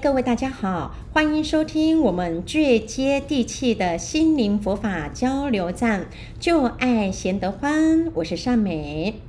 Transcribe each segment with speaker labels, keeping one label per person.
Speaker 1: 各位大家好，歡迎收聽我們最接地氣的心靈佛法交流站，就愛賢德歡，我是善美。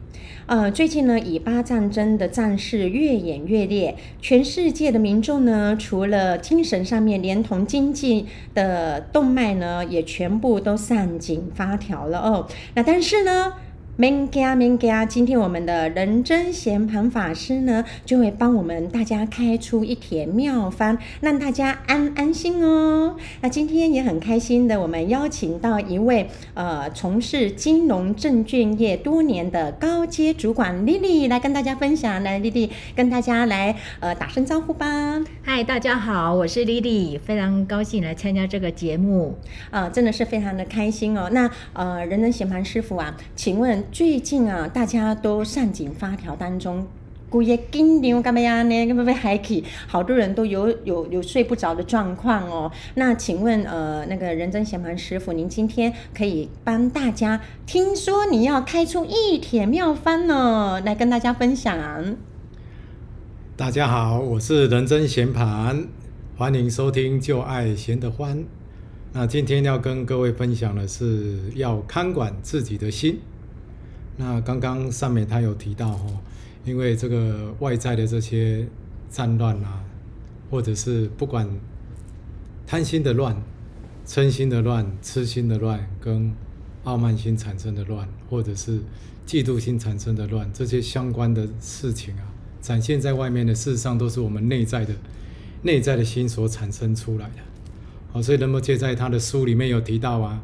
Speaker 1: 呃，最近呢，以巴戰爭的戰事越演越烈，全世界的民眾呢，除了精神上面，連同經濟的動脈呢，也全部都上緊發條了哦。那但是呢？明天明天，今天我們的仁增賢槃法師呢，就會幫我們大家開出一帖妙方，讓大家安安心哦。那今天也很開心的，我們邀請到一位呃從事金融證券業多年的高階主管莉莉來跟大家分享。來，莉莉跟大家來呃打聲招呼吧。嗨，大家好，我是莉莉，非常高興來參加這個節目。啊、呃，真的是非常的開心哦。那呃，仁增賢槃師傅啊，請問。最近啊，大家都上緊發條當中，古夜驚尿幹嘛呀？你幹嘛不還起？好多人都有有有睡不着的狀況哦。那請問呃，那個仁增賢槃師傅，您今天可以幫大家？聽說你要開出一帖妙方呢，來跟大家分享。
Speaker 2: 大家好，我是仁增賢槃，歡迎收聽《就愛閒得歡》。那今天要跟各位分享的是，要看管自己的心。那剛剛上面他有提到哦，因為這個外在的這些戰亂啊，或者是不管貪心的亂、嗔心的亂、癡心的亂，跟傲慢心產生的亂，或者是嫉妒心產生的亂，這些相關的事情啊，展現在外面的，事實上都是我們內在的內在的心所產生出來的。所以仁波切在他的書裡面有提到啊，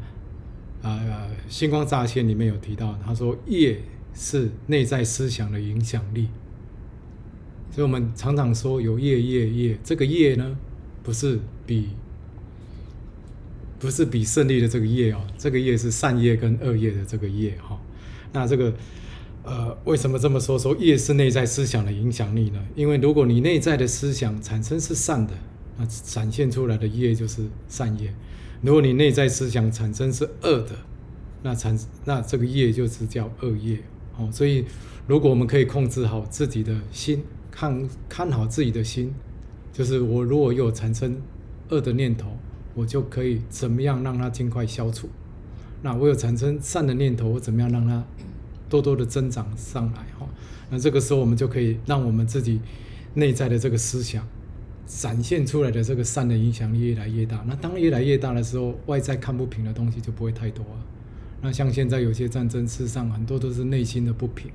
Speaker 2: 啊、呃、啊。《星光乍現》裡面有提到，他說業是內在思想的影響力，所以我們常常說有業業業。這個業呢，不是比不是比勝利的這個業哦，這個業是善業跟惡業的這個業哈。那這個呃，為什麼這麼說？說業是內在思想的影響力呢？因為如果你內在的思想產生是善的，那展現出來的業就是善業；如果你內在思想產生是惡的，那產那這個業就是叫惡業，哦，所以如果我們可以控制好自己的心看，看看好自己的心，就是我如果有產生惡的念頭，我就可以怎麼樣讓它盡快消除。那我有產生善的念頭，我怎麼樣讓它多多的增長上來哈？那這個時候我們就可以讓我們自己內在的這個思想展現出來的這個善的影響力越來越大。那當越來越大的時候，外在看不平的東西就不會太多了。那像現在有些戰爭，事實上很多都是內心的不平。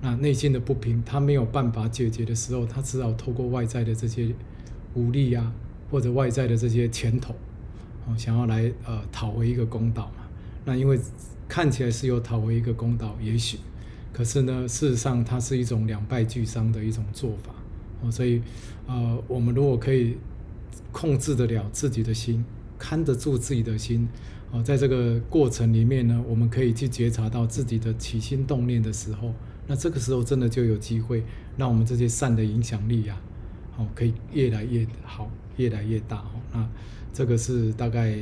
Speaker 2: 那內心的不平，他沒有辦法解決的時候，他只好透過外在的這些武力啊，或者外在的這些拳頭，想要來呃討回一個公道嘛。那因為看起來是有討回一個公道，也許，可是呢，事實上它是一種兩敗俱傷的一種做法。所以呃，我們如果可以控制得了自己的心，看得住自己的心。哦，在這個過程裡面呢，我們可以去覺察到自己的起心動念的時候，那這個時候真的就有機會，讓我們這些善的影響力呀，哦，可以越來越好，越來越大。哦，那這個是大概。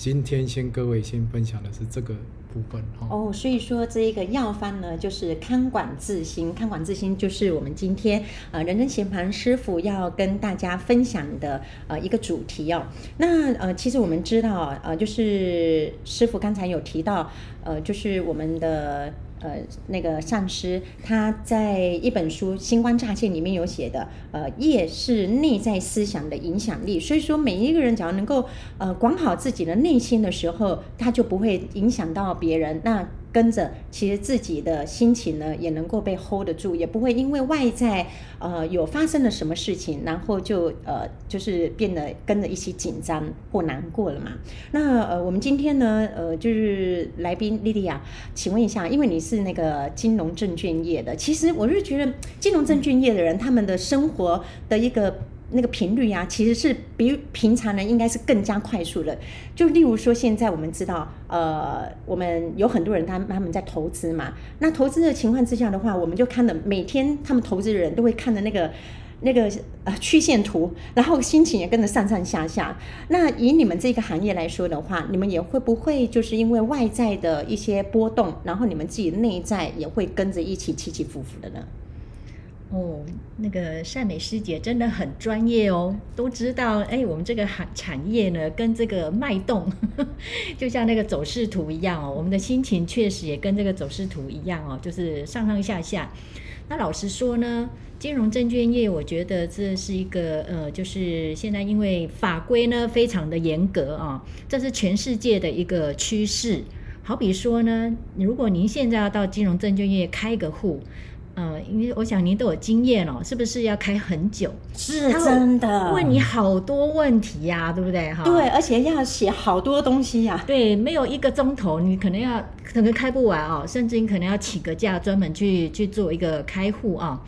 Speaker 2: 今天先各位先分享的是這個部分哈。哦、
Speaker 1: oh,，所以說這一個藥方呢，就是看管自心，看管自心就是我們今天啊、呃，仁增賢槃師父要跟大家分享的呃一個主題哦。那呃，其實我們知道呃，就是師父剛才有提到，呃，就是我們的。呃，那個上師他在一本書《星光乍現》裡面有寫的，呃，業是內在思想的影響力。所以說，每一個人只要能夠呃管好自己的內心的時候，他就不會影響到別人。那。跟着，其實自己的心情呢，也能夠被 hold 得住，也不會因為外在呃有發生了什麼事情，然後就呃就是變得跟着一起緊張或難過了嘛。那呃，我們今天呢，呃，就是來賓 Lily 呀，請問一下，因為你是那個金融證券業的，其實我是覺得金融證券業的人，他們的生活的一個。那個頻率啊，其實是比平常人應該是更加快速的。就例如說，現在我們知道，呃，我們有很多人，他他們在投資嘛。那投資的情況之下的話，我們就看的每天他們投資的人都會看的那個那個呃曲線圖，然後心情也跟着上上下下。那以你們這個行業來說的話，你們也會不會就是因為外在的一些波動，然後你們自己內在也會跟着一起起起伏伏的呢？
Speaker 3: 哦，那個善美師姐真的很專業哦，都知道哎，我們這個產產業呢，跟這個脈動呵呵，就像那個走勢圖一樣哦，我們的心情確實也跟這個走勢圖一樣哦，就是上上下下。那老實說呢，金融證券業，我覺得這是一個呃，就是現在因為法規呢非常的嚴格啊，這是全世界的一個趨勢。好比說呢，如果您現在要到金融證券業開一個戶。嗯，因為我想您都有經驗哦，是不是要開很久？是真的，問你
Speaker 1: 好多問題呀、啊，對不對哈？對，而且要寫好多東西呀、啊。對，沒
Speaker 3: 有一個鐘頭，你可能要可能開不完哦，甚至你可能要請個假專門去去做一個開戶啊，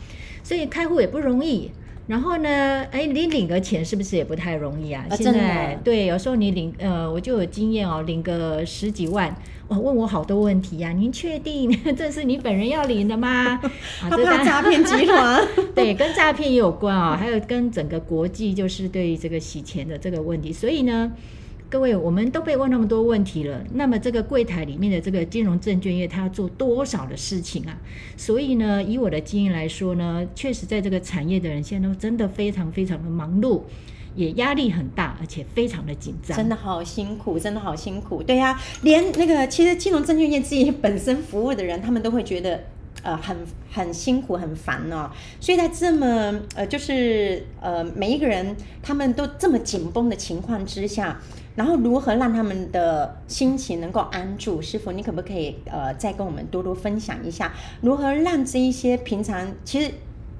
Speaker 3: 所以開戶也不容易。然後呢，哎，你領個錢是不是也不太容易啊？現在、啊、真的對，有時候你領呃，我就有經驗哦，領個十幾萬，哇、哦，問我好多問題呀、啊。您確定這是你本人要領的嗎？
Speaker 1: 這 個、啊、詐騙集團，
Speaker 3: 對，跟詐騙有關啊、哦，還有跟整個國際就是對於這個洗錢的這個問題，所以呢。各位，我們都被問那麼多問題了。那麼這個櫃檯裡面的這個金融證券業，他要做多少的事情啊？所以呢，以我的經驗來說呢，確實在這個產業的人現在都真的非常非常的忙碌，也壓力很
Speaker 1: 大，而且非常的緊張。真的好辛苦，真的好辛苦。對呀，連那個其實金融證券業自己本身服務的人，他們都會覺得呃很很辛苦很煩哦。所以在這麼呃就是呃每一個人他們都這麼緊繃的情況之下。然後如何讓他們的心情能夠安住？師父，你可不可以呃，再跟我們多多分享一下，如何讓這一些平常其實。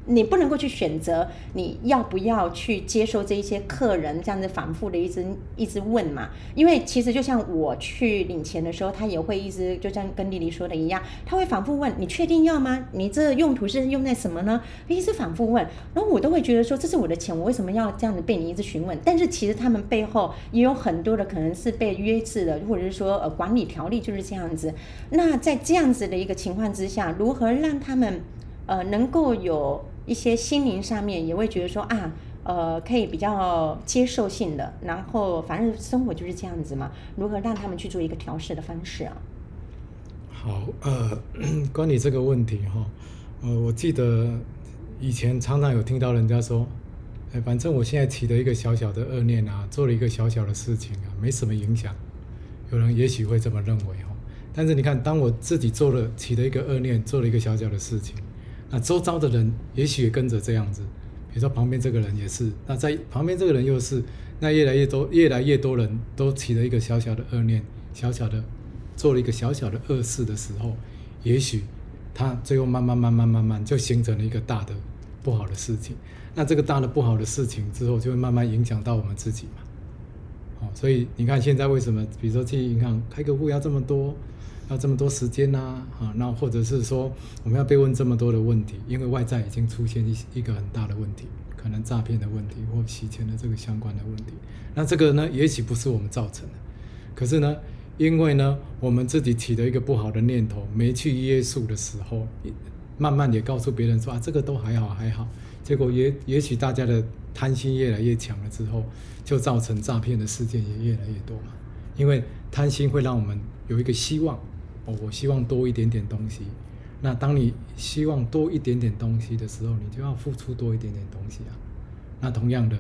Speaker 1: 你不能夠去選擇你要不要去接受這一些客人，這樣子反覆的一直一直問嘛？因為其實就像我去領錢的時候，他也會一直就像跟 Lily 說的一樣，他會反覆問，你確定要嗎？你這用途是用在什麼呢？一直反覆問，然後我都會覺得說這是我的錢，我為什麼要這樣子被你一直詢問？但是其實他們背後也有很多的可能是被約制的，或者是說呃，管理條例就是這樣子。那在這樣子的一個情況之下，如何讓他們呃能夠有？一些心靈上面也會覺得說，啊，呃，可以比較接受性的，然後反正生活就是這樣子嘛。如何讓他們去做一個調試的方式啊？
Speaker 2: 好，呃，關於這個問題哈，呃，我記得以前常常有聽到人家說，哎，反正我現在起了一個小小的惡念啊，做了一個小小的事情啊，沒什麼影響。有人也許會這麼認為哈，但是你看，當我自己做了起了一個惡念，做了一個小小的事情。那周遭的人也許也跟着這樣子，比如說旁邊這個人也是，那在旁邊這個人又是，那越來越多，越來越多人都起了一個小小的惡念，小小的做了一個小小的惡事的時候，也許他最後慢慢慢慢慢慢就形成了一個大的不好的事情。那這個大的不好的事情之後，就會慢慢影響到我們自己嘛。所以你看現在為什麼，比如說這些銀行開個戶要這麼多？要、啊、這麼多時間吶、啊，啊，那或者是說，我們要被問這麼多的問題，因為外在已經出現一一個很大的問題，可能詐騙的問題或洗錢的這個相關的問題。那這個呢，也許不是我們造成的，可是呢，因為呢，我們自己起了一個不好的念頭，沒去約束的時候，慢慢也告訴別人說啊，這個都還好還好，結果也也許大家的貪心越來越強了之後，就造成詐騙的事件也越來越多嘛，因為貪心會讓我們有一個希望。我、哦、我希望多一點點東西，那當你希望多一點點東西的時候，你就要付出多一點點東西啊。那同樣的，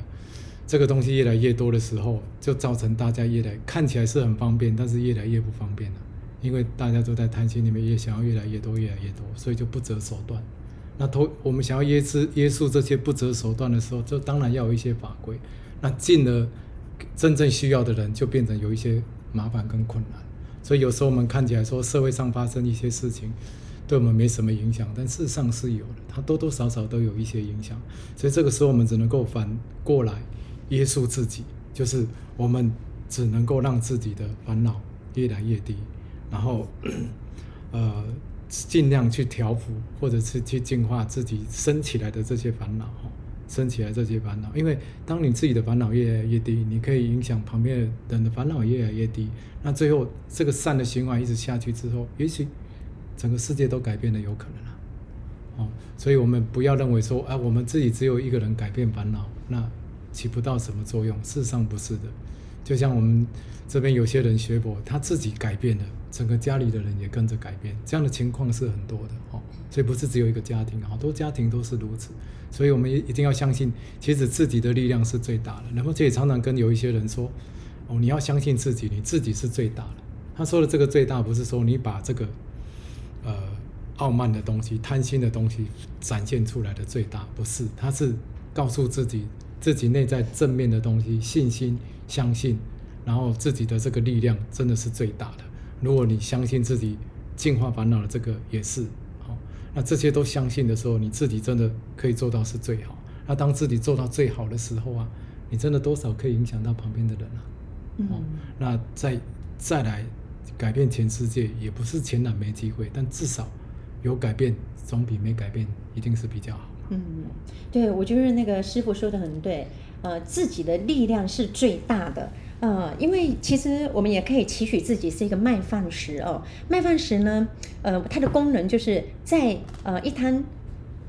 Speaker 2: 這個東西越來越多的時候，就造成大家越來看起來是很方便，但是越來越不方便了、啊。因為大家都在貪心裡面，也想要越來越多，越來越多，所以就不擇手段。那同我們想要約束約束這些不擇手段的時候，就當然要有一些法規。那進了真正需要的人，就變成有一些麻煩跟困難。所以有時候我們看起來說社會上發生一些事情，對我們沒什麼影響，但事實上是有的，它，多多少少都有一些影響。所以這個時候我們只能夠反過來約束自己，就是我們只能夠讓自己的煩惱越來越低，然後呃儘量去調伏或者是去淨化自己生起來的這些煩惱。升起來這些煩惱，因為當你自己的煩惱越來越低，你可以影響旁邊人的煩惱越來越低，那最後這個善的循環一直下去之後，也許整個世界都改變了有可能啊。哦，所以我們不要認為說，啊我們自己只有一個人改變煩惱，那起不到什麼作用。事實上不是的，就像我們這邊有些人學佛，他自己改變了。整個家裡的人也跟着改變，這樣的情況是很多的哦。所以不是只有一個家庭，好多家庭都是如此。所以我們也一定要相信，其實自己的力量是最大的。然後這也常常跟有一些人說：“哦，你要相信自己，你自己是最大的。”他說的這個“最大”不是說你把這個呃傲慢的東西、貪心的東西展現出來的最大，不是。他是告訴自己，自己內在正面的東西、信心、相信，然後自己的這個力量真的是最大的。如果你相信自己淨化煩惱的這個也是好，那這些都相信的時候，你自己真的可以做到是最好。那當自己做到最好的時候啊，你真的多少可以影響到旁邊的人了、啊嗯。那再再來改變全世界也不是全然沒機會，但至少有改變總比沒改變一定是比較好。嗯，
Speaker 1: 對，我覺得那個師父說得很對，呃，自己的力量是最大的。呃，因為其實我們也可以期許自己，是一個麥飯石哦，麥飯石呢，呃，它的功能就是在呃一灘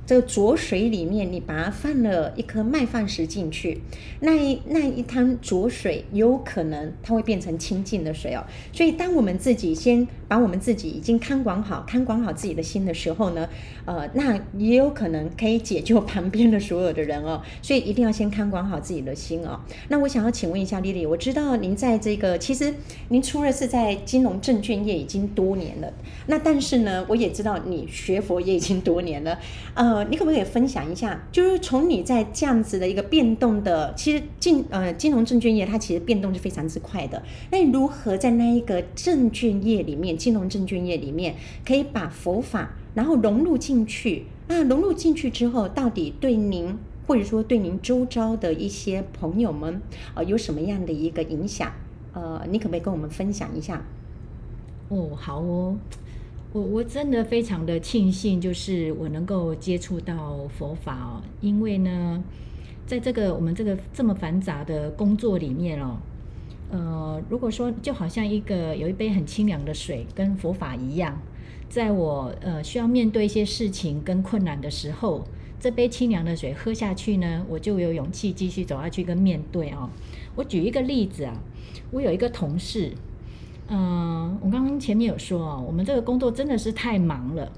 Speaker 1: 這個濁水裡面，你把它放了一顆麥飯石進去，那一那一灘濁水有可能它會變成清淨的水哦。所以，當我們自己先把我們自己已經看管好、看管好自己的心的時候呢，呃，那也有可能可以解救旁邊的所有的人哦。所以，一定要先看管好自己的心哦。那我想要請問一下麗麗，我知道您在這個其實您除了是在金融證券業已經多年了，那但是呢，我也知道你學佛也已經多年了，呃呃，你可不可以分享一下？就是從你在這樣子的一個變動的，其實金呃金融證券業它其實變動是非常之快的。那如何在那一個證券業裡面，金融證券業裡面，可以把佛法然後融入進去？那融入進去之後，到底對您或者說對您周遭的一些朋友們啊，呃，有什麼樣的一個影響？呃，你可不可以跟我們分享一下？
Speaker 3: 哦，好哦。我我真的非常的慶幸，就是我能夠接觸到佛法哦，因為呢，在這個我們這個這麼繁雜的工作裡面哦，呃，如果說就好像一個有一杯很清涼的水，跟佛法一樣，在我呃需要面對一些事情跟困難的時候，這杯清涼的水喝下去呢，我就有勇氣繼續走下去跟面對哦。我舉一個例子啊，我有一個同事。嗯，我剛剛前面有說啊，我們這個工作真的是太忙了，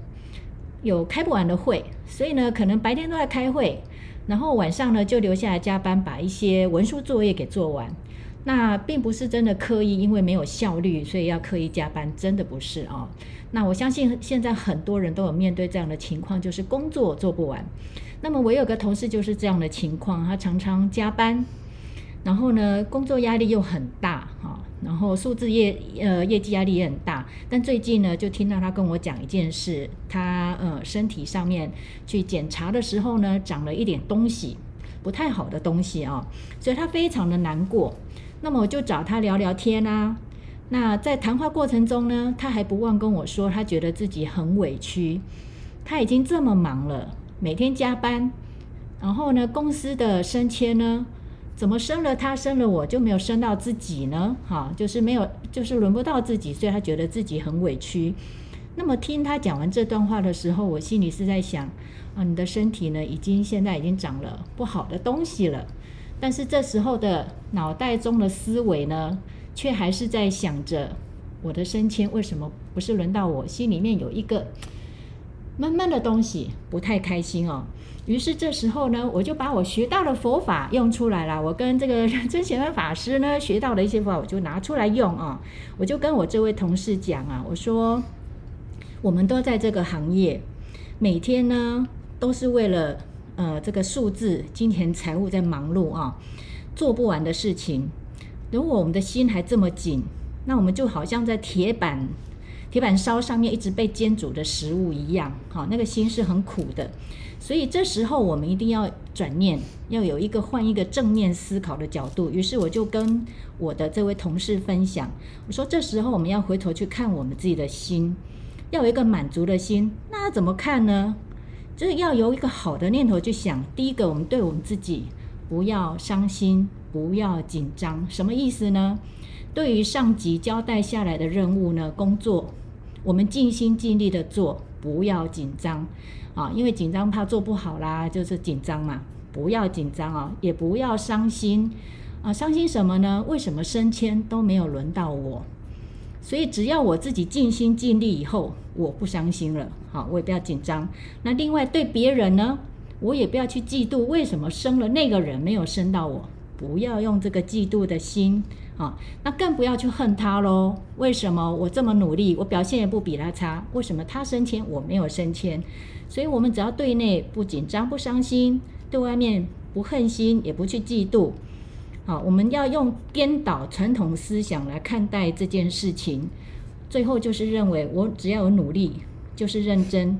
Speaker 3: 有開不完的會，所以呢，可能白天都在開會，然後晚上呢就留下來加班，把一些文書作業給做完。那並不是真的刻意，因為沒有效率，所以要刻意加班，真的不是啊。那我相信現在很多人都有面對這樣的情況，就是工作做不完。那麼我有個同事就是這樣的情況，他常常加班，然後呢，工作壓力又很大哈。然後數字業呃業績壓力也很大，但最近呢就聽到他跟我講一件事，他呃身體上面去檢查的時候呢長了一點東西，不太好的東西啊、哦，所以他非常的難過。那麼我就找他聊聊天啊。那在談話過程中呢，他還不忘跟我說，他覺得自己很委屈，他已經這麼忙了，每天加班，然後呢公司的升遷呢？怎麼生了他，生了我就沒有生到自己呢？哈，就是沒有，就是輪不到自己，所以他覺得自己很委屈。那麼聽他講完這段話的時候，我心裡是在想：啊，你的身體呢，已經現在已經長了不好的東西了，但是這時候的腦袋中的思維呢，卻還是在想着我的升遷為什麼不是輪到我？心裡面有一個悶悶的東西，不太開心哦。於是這時候呢，我就把我學到的佛法用出來了。我跟這個仁增賢槃法師呢學到的一些法，我就拿出來用啊。我就跟我這位同事講啊，我說我們都在這個行業，每天呢都是為了呃這個數字、金錢、財務在忙碌啊，做不完的事情。如果我們的心還這麼緊，那我們就好像在鐵板。鐵板燒上面一直被煎煮的食物一樣，好，那個心是很苦的，所以這時候我們一定要轉念，要有一個換一個正面思考的角度。於是我就跟我的這位同事分享，我說這時候我們要回頭去看我們自己的心，要有一個滿足的心。那怎麼看呢？就是要有一個好的念頭去想。第一個，我們對我們自己不要傷心，不要緊張，什麼意思呢？對於上級交代下來的任務呢，工作。我們盡心盡力的做，不要緊張啊，因為緊張怕做不好啦，就是緊張嘛，不要緊張哦，也不要傷心啊，傷心什麼呢？為什麼升遷都沒有輪到我？所以只要我自己盡心盡力以後，我不傷心了，好、啊，我也不要緊張。那另外對別人呢，我也不要去嫉妒，為什麼升了那個人沒有升到我？不要用這個嫉妒的心。好，那更不要去恨他嘍。為什麼我這麼努力，我表現也不比他差，為什麼他升遷我沒有升遷？所以，我們只要對內不緊張、不傷心，對外面不恨心，也不去嫉妒。好，我們要用顛倒傳統思想來看待這件事情。最後就是認為，我只要有努力，就是認真，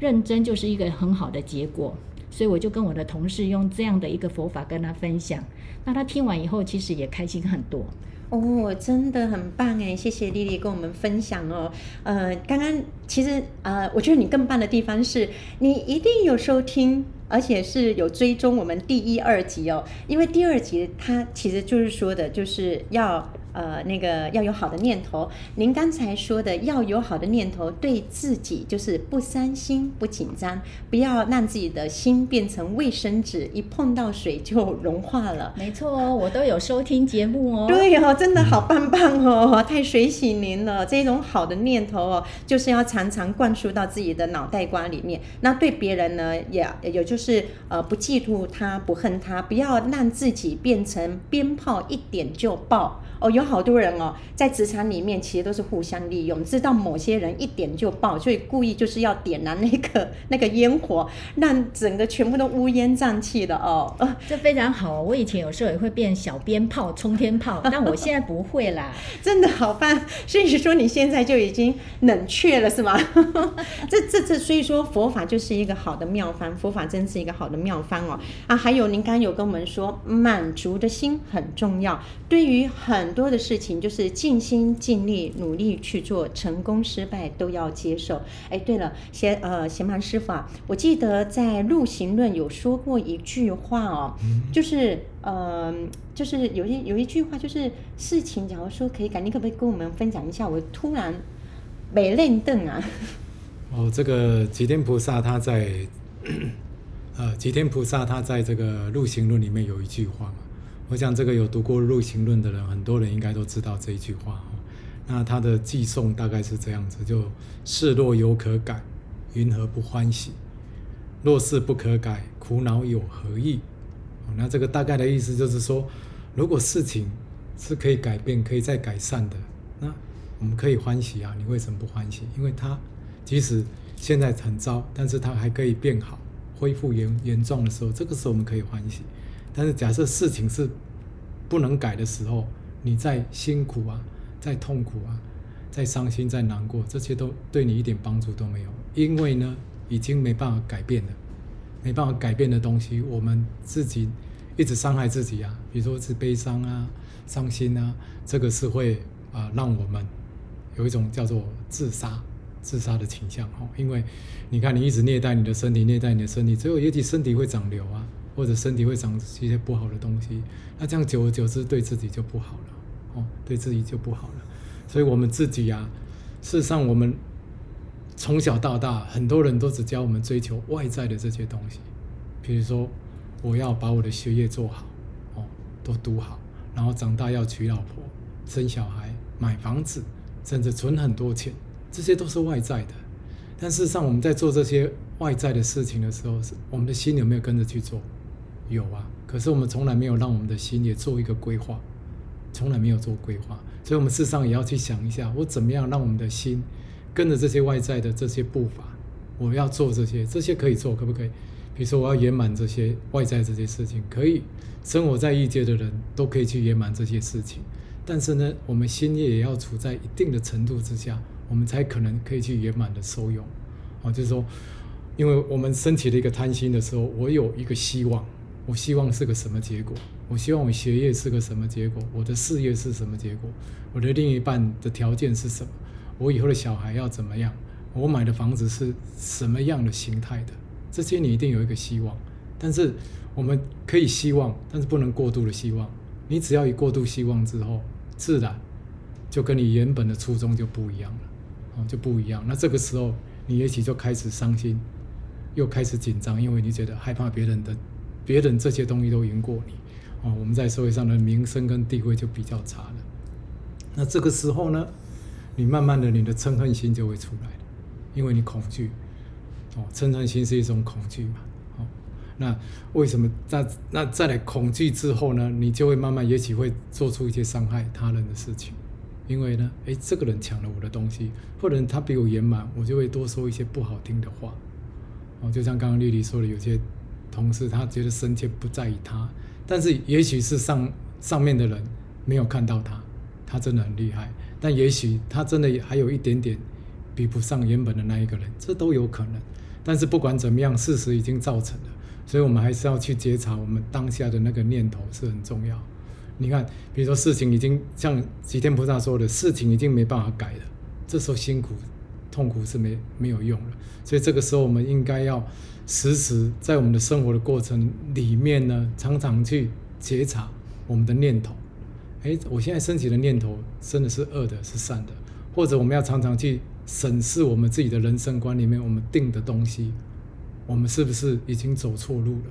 Speaker 3: 認真就是一個很好的結果。所以，我就跟我的同事用這樣的一個佛法跟他分享。那他聽完以後，其實
Speaker 1: 也開心很多哦，真的很棒哎！謝謝莉莉跟我們分享哦。呃，剛剛其實呃，我覺得你更棒的地方是你一定有收聽，而且是有追蹤我們第一、二集哦，因為第二集它其實就是說的，就是要。呃，那個要有好的念頭。您剛才說的要有好的念頭，對自己就是不傷心、不緊張，不要讓自己的心變成衛生紙，一碰到水就融化了。沒錯哦，我都有收聽節目哦。 對哦，真的好棒棒哦，太水洗您了。這種好的念頭哦，就是要常常灌輸到自己的腦袋瓜裡面。那對別人呢，也也有就是呃，不嫉妒他，不恨他，不要讓自己變成鞭炮，一點就爆。哦，有好多人哦，在職場裡面其實都是互相利用，知道某些人一點就爆，所以故意就是要點燃那個那個煙火，讓整個全部都烏煙瘴氣的哦。啊，這非常好，我以前有時候也會變小鞭炮、沖天炮， 但我現在不會啦，真的好棒。所以說你現在就已經冷卻了，是嗎？ 這這這，所以說佛法就是一個好的妙方，佛法真是一個好的妙方哦。啊，還有您剛剛有跟我們說，滿足的心很重要，對於很。很多的事情就是盡心盡力努力去做，成功失敗都要接受。哎，對了，賢呃賢槃師父啊，我記得在《入行論》有說過一句話哦，嗯、就是呃就是有一有一句話，就是事情假如說可以改，你可不可以跟我們分享一下？我突然沒認凳啊！
Speaker 2: 哦，這個寂天菩薩他在咳咳呃寂天菩薩他在這個《入行論》裡面有一句話。我想，這個有讀過《入行論》的人，很多人應該都知道這一句話。那他的偈頌大概是這樣子：就事若有可改，云何不歡喜？若是不可改，苦惱有何益？那這個大概的意思就是說，如果事情是可以改變、可以再改善的，那我們可以歡喜啊。你為什麼不歡喜？因為他即使現在很糟，但是他還可以變好、恢復原原狀的時候，這個時候我們可以歡喜。但是，假設事情是不能改的時候，你再辛苦啊，再痛苦啊，再傷心、再難過，這些都對你一點幫助都沒有。因為呢，已經沒辦法改變了，沒辦法改變的東西，我們自己一直傷害自己啊。比如說，是悲傷啊、傷心啊，這個是會啊，讓我們有一種叫做自殺、自殺的傾向哦。因為你看，你一直虐待你的身體，虐待你的身體，最後也許身體會長瘤啊。或者身體會長一些不好的東西，那這樣久而久之對自己就不好了，哦，對自己就不好了。所以，我們自己呀、啊，事實上，我們從小到大，很多人都只教我們追求外在的這些東西，比如說，我要把我的學業做好，哦，都讀好，然後長大要娶老婆、生小孩、買房子，甚至存很多錢，這些都是外在的。但事實上，我們在做這些外在的事情的時候，我們的心有沒有跟着去做？有啊，可是我們從來沒有讓我們的心也做一個規劃，從來沒有做規劃，所以，我們事實上也要去想一下，我怎麼樣讓我們的心跟着這些外在的這些步伐，我要做這些，這些可以做，可不可以？比如說，我要圓滿這些外在這些事情，可以生活在欲界的人都可以去圓滿這些事情，但是呢，我們心也要處在一定的程度之下，我們才可能可以去圓滿的受用。啊、哦，就是說，因為我們升起了一個貪心的時候，我有一個希望。我希望是個什麼結果？我希望我學業是個什麼結果？我的事業是什麼結果？我的另一半的條件是什麼？我以後的小孩要怎麼樣？我買的房子是什麼樣的形態的？這些你一定有一個希望，但是我們可以希望，但是不能過度的希望。你只要一過度希望之後，自然就跟你原本的初衷就不一樣了，啊，就不一樣。那這個時候你也許就開始傷心，又開始緊張，因為你覺得害怕別人的。別人這些東西都贏過你，哦，我們在社會上的名聲跟地位就比較差了。那這個時候呢，你慢慢的你的嗔恨心就會出來了，因為你恐懼，哦，嗔恨心是一種恐懼嘛，哦，那為什麼？那那再來恐懼之後呢，你就會慢慢也許會做出一些傷害他人的事情，因為呢，誒，這個人搶了我的東西，或者他比我圓滿，我就會多說一些不好聽的話，哦，就像剛剛 Lily 說的，有些。同事他覺得升遷不在於他，但是也許是上上面的人沒有看到他，他真的很厲害，但也許他真的還有一點點比不上原本的那一個人，這都有可能。但是不管怎麼樣，事實已經造成了，所以我們還是要去覺察我們當下的那個念頭是很重要。你看，比如說事情已經像吉天菩薩說的，事情已經沒辦法改了，這時候辛苦。痛苦是沒沒有用了，所以這個時候我們應該要時時在我們的生活的過程裡面呢，常常去覺察我們的念頭。誒，我現在升起的念頭真的是惡的，是善的？或者我們要常常去審視我們自己的人生觀裡面我們定的東西，我們是不是已經走錯路了？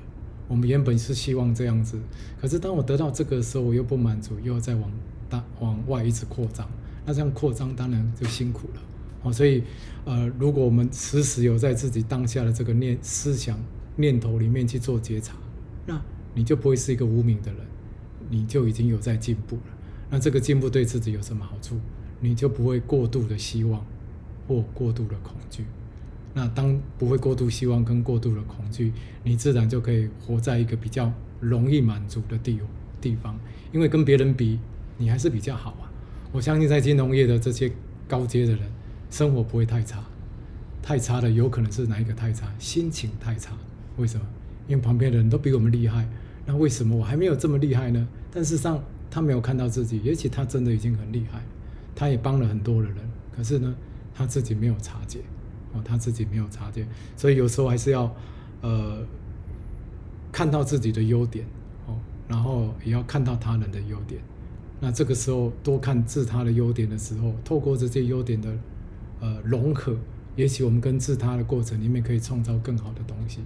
Speaker 2: 我們原本是希望這樣子，可是當我得到這個的時候，我又不滿足，又再往大往外一直擴張，那這樣擴張當然就辛苦了。哦，所以，呃，如果我們時時有在自己當下的這個念思想念頭裡面去做覺察，那你就不會是一個無明的人，你就已經有在進步了。那這個進步對自己有什麼好處？你就不會過度的希望，或過度的恐懼。那當不會過度希望跟過度的恐懼，你自然就可以活在一個比較容易滿足的地地方，因為跟別人比，你還是比較好啊。我相信在金融業的這些高階的人。生活不會太差，太差的有可能是哪一個太差？心情太差？為什麼？因為旁邊的人都比我們厲害，那為什麼我還沒有這麼厲害呢？但事實上他沒有看到自己，也許他真的已經很厲害，他也幫了很多的人，可是呢，他自己沒有察覺哦，他自己沒有察覺，所以有時候還是要，呃，看到自己的優點哦，然後也要看到他人的優點，那這個時候多看自他的優點的時候，透過這些優點的。呃，融合，也許我們根治他的過程裡面可以創造更好的東西，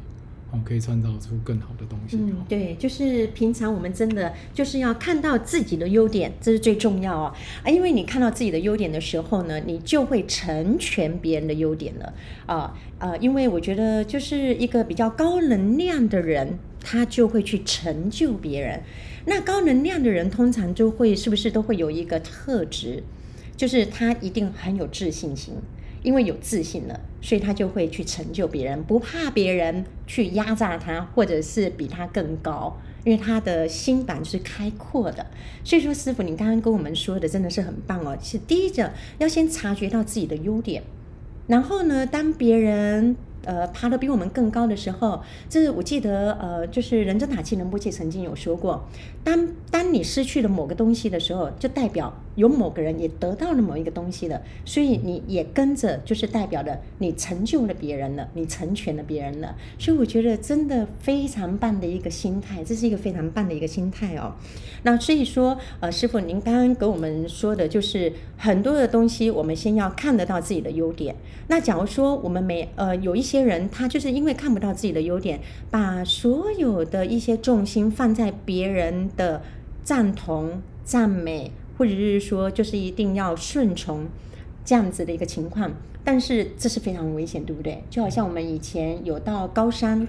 Speaker 2: 哦，可以創造出更好的東西，嗯。
Speaker 1: 對，就是平常我們真的就是要看到自己的優點，這是最重要哦啊，因為你看到自己的優點的時候呢，你就會成全別人的優點了啊呃，呃，因為我覺得就是一個比較高能量的人，他就會去成就別人。那高能量的人通常就會是不是都會有一個特質？就是他一定很有自信心，因為有自信了，所以他就會去成就別人，不怕別人去壓榨他，或者是比他更高，因為他的心板是開闊的。所以說，師父，你剛剛跟我們說的真的是很棒哦。是第一個，要先察覺到自己的優點，然後呢，當別人呃爬得比我們更高的時候，這我記得呃，就是仁增塔欽，仁波切曾經有說過。當當你失去了某個東西的時候，就代表有某個人也得到了某一個東西了，所以你也跟着就是代表的你成就了別人了，你成全了別人了。所以我覺得真的非常棒的一個心態，這是一個非常棒的一個心態哦。那所以說，呃，師父您剛剛跟我們說的就是很多的東西，我們先要看得到自己的優點。那假如說我們沒呃有一些人，他就是因為看不到自己的優點，把所有的一些重心放在別人。的贊同、讚美，或者是說，就是一定要順從這樣子的一個情況，但是這是非常危險，對不對？就好像我們以前有到高山，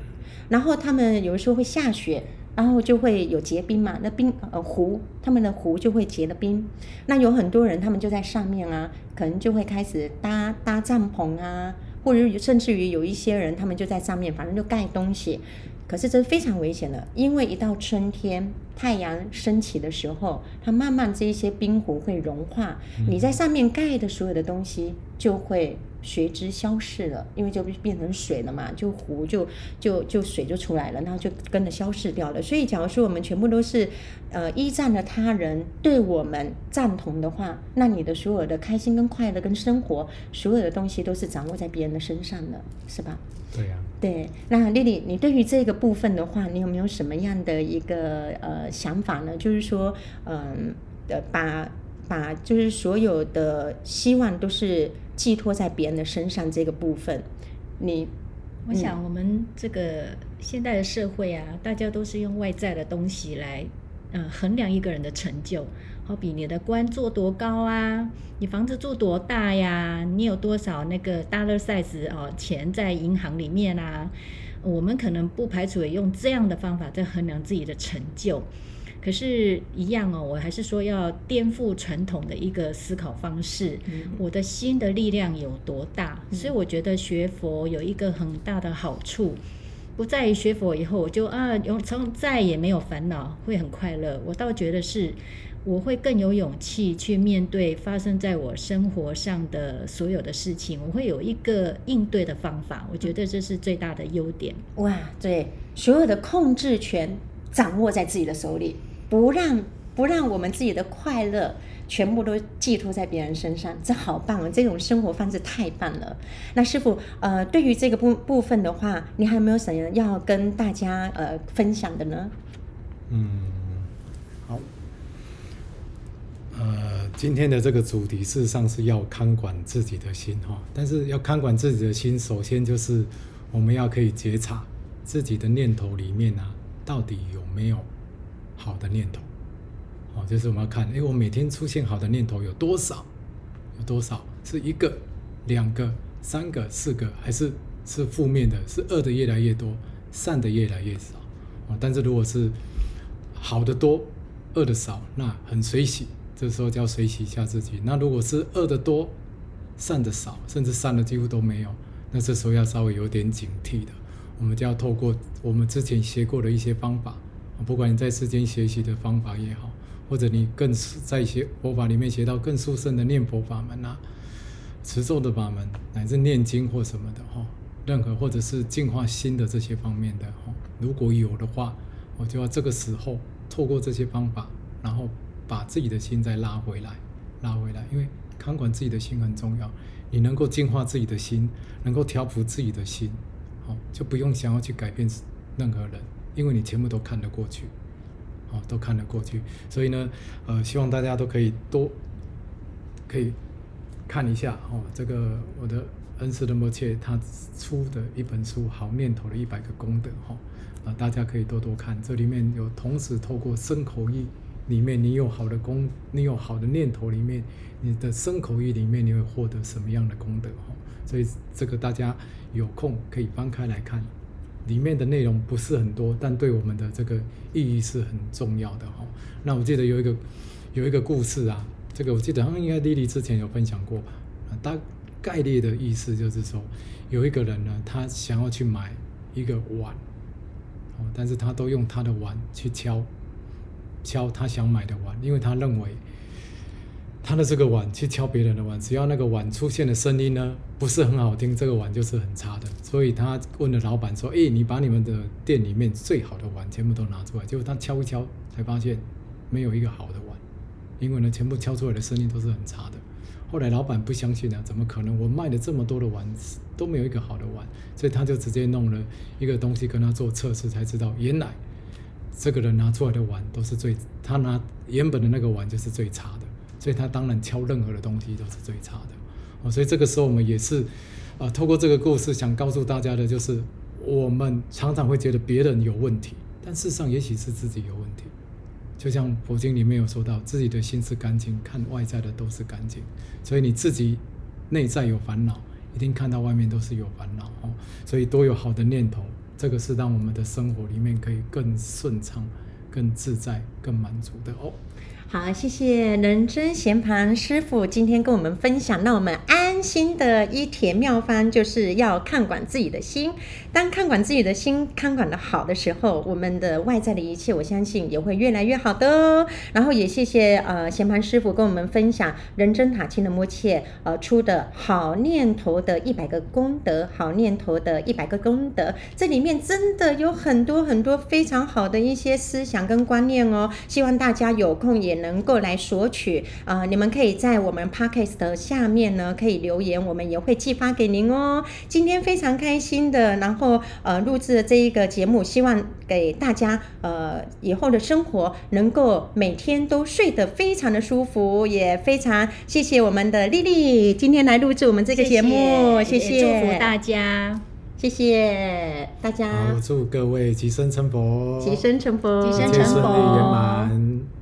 Speaker 1: 然後他們有的時候會下雪，然後就會有結冰嘛。那冰呃湖，他們的湖就會結了冰。那有很多人，他們就在上面啊，可能就會開始搭搭帳篷啊，或者甚至於有一些人，他們就在上面，反正就蓋東西。可是這是非常危險的，因為一到春天。太陽升起的時候，它慢慢這些冰湖會融化，嗯、你在上面蓋的所有的東西就會隨之消失了，因為就變成水了嘛，就湖就就就水就出來了，然後就跟着消失掉了。所以，假如說我們全部都是呃依仗着他人對我們贊同的話，那你的所有的開心跟快樂跟生活，所有的東西都是掌握在別人的身上的，是吧？對呀、啊，對，那 Lily，你對於這個部分的話，你有沒有什麼樣的一個呃想法呢？就是說，嗯、呃，的把把就是所有的希望都是寄托在別人的身上這個部分，你，嗯、我想
Speaker 3: 我們這個現代的社會啊，大家都是用外在的東西來嗯、呃、衡量一個人的成就。好比你的官做多高啊，你房子住多大呀，你有多少那個大樂 size 哦，錢在銀行裡面啦、啊？我們可能不排除也用這樣的方法在衡量自己的成就，可是，一樣哦，我還是說要顛覆傳統的一個思考方式。嗯嗯。我的心的力量有多大，嗯嗯。所以我覺得學佛有一個很大的好處。不在於學佛以後，我就啊，永從再也沒有煩惱，會很快樂。我倒覺得是，我會更有勇氣去面對發生在我生活上的所有的事情，我會有一個應對的方法。我覺得這是最大的優點。
Speaker 1: 嗯。哇，對，所有的控制權掌握在自己的手裡，不讓不讓我們自己的快樂全部都寄託在別人身上，這好棒啊！這種生活方式太棒了。那師父，呃，對於這個部部分的話，你還有沒有什麼要跟大家呃分享的呢？嗯，
Speaker 2: 好。呃，今天的這個主題事實上是要看管自己的心哈，但是要看管自己的心，首先就是我們要可以覺察自己的念頭裡面呢，啊，到底有沒有好的念頭。就是我們要看，因為我每天出現好的念頭有多少？有多少？是一個、兩個、三個、四個，還是是負面的？是惡的越來越多，善的越來越少。啊，但是如果是好的多，惡的少，那很隨喜，這時候就要隨喜一下自己。那如果是惡的多，善的少，甚至善的幾乎都沒有，那這時候要稍微有點警惕的。我們就要透過我們之前學過的一些方法，不管你在世間學習的方法也好。或者你更在一些佛法裡面學到更殊勝的念佛法門啊，持咒的法門，乃至念經或什麼的哈，任何或者是淨化心的這些方面的哈，如果有的話，我就要這個時候透過這些方法，然後把自己的心再拉回來，拉回來，因為看管自己的心很重要。你能夠淨化自己的心，能夠調伏自己的心，好，就不用想要去改變任何人，因為你全部都看得過去。都看得過去，所以呢，呃，希望大家都可以多可以看一下哦。這個我的恩師的莫切他出的一本書《好念頭的一百個功德》哈，啊，大家可以多多看。這裡面有同時透過身口意裡面，你有好的功，你有好的念頭裡面，你的身口意裡面你會獲得什麼樣的功德哈、哦？所以這個大家有空可以翻開來看。裡面的內容不是很多，但對我們的這個意義是很重要的哦，那我記得有一個有一個故事啊，這個我記得好像應該 Lily 之前有分享過吧？大概率的意思就是說，有一個人呢，他想要去買一個碗，但是他都用他的碗去敲敲他想買的碗，因為他認為他的這個碗去敲別人的碗，只要那個碗出現的聲音呢。不是很好聽，這個碗就是很差的，所以他問了老闆說：“哎、欸，你把你們的店裡面最好的碗全部都拿出來。”結果他敲一敲，才發現沒有一個好的碗，因為呢，全部敲出來的聲音都是很差的。後來老闆不相信呢、啊，怎麼可能？我賣了這麼多的碗，都沒有一個好的碗，所以他就直接弄了一個東西跟他做測試，才知道原來這個人拿出來的碗都是最，他拿原本的那個碗就是最差的，所以他當然敲任何的東西都是最差的。所以這個時候我們也是，啊，透過這個故事想告訴大家的，就是我們常常會覺得別人有問題，但事實上也許是自己有問題。就像佛經裡面有說到，自己的心是乾淨，看外在的都是乾淨。所以你自己內在有煩惱，一定看到外面都是有煩惱哦。所以多有好的念頭，這個是讓我們的生活裡面可以更順暢、更自在、更滿足的哦。
Speaker 1: 好，謝謝仁增賢槃師傅今天跟我們分享，讓我們安心的一帖妙方，就是要看管自己的心。當看管自己的心看管得好的時候，我們的外在的一切，我相信也會越來越好的、哦。然後也謝謝呃賢槃師傅跟我們分享仁增塔親的摩切呃出的好念頭的一百個功德，好念頭的一百個功德，這裡面真的有很多很多非常好的一些思想跟觀念哦。希望大家有空也。能夠來索取啊、呃！你們可以在我們 Podcast 的下面呢，可以留言，我們也會寄發給您哦。今天非常開心的，然後呃，錄製這一個節目，希望給大家呃以後的生活能夠每天都睡得非常的舒服，也非常謝謝我們的麗麗今天來錄制我們這個節目，謝謝，謝、謝，祝福大家，謝謝大家
Speaker 2: 好，祝各位即生成佛，即生成佛，即生成佛。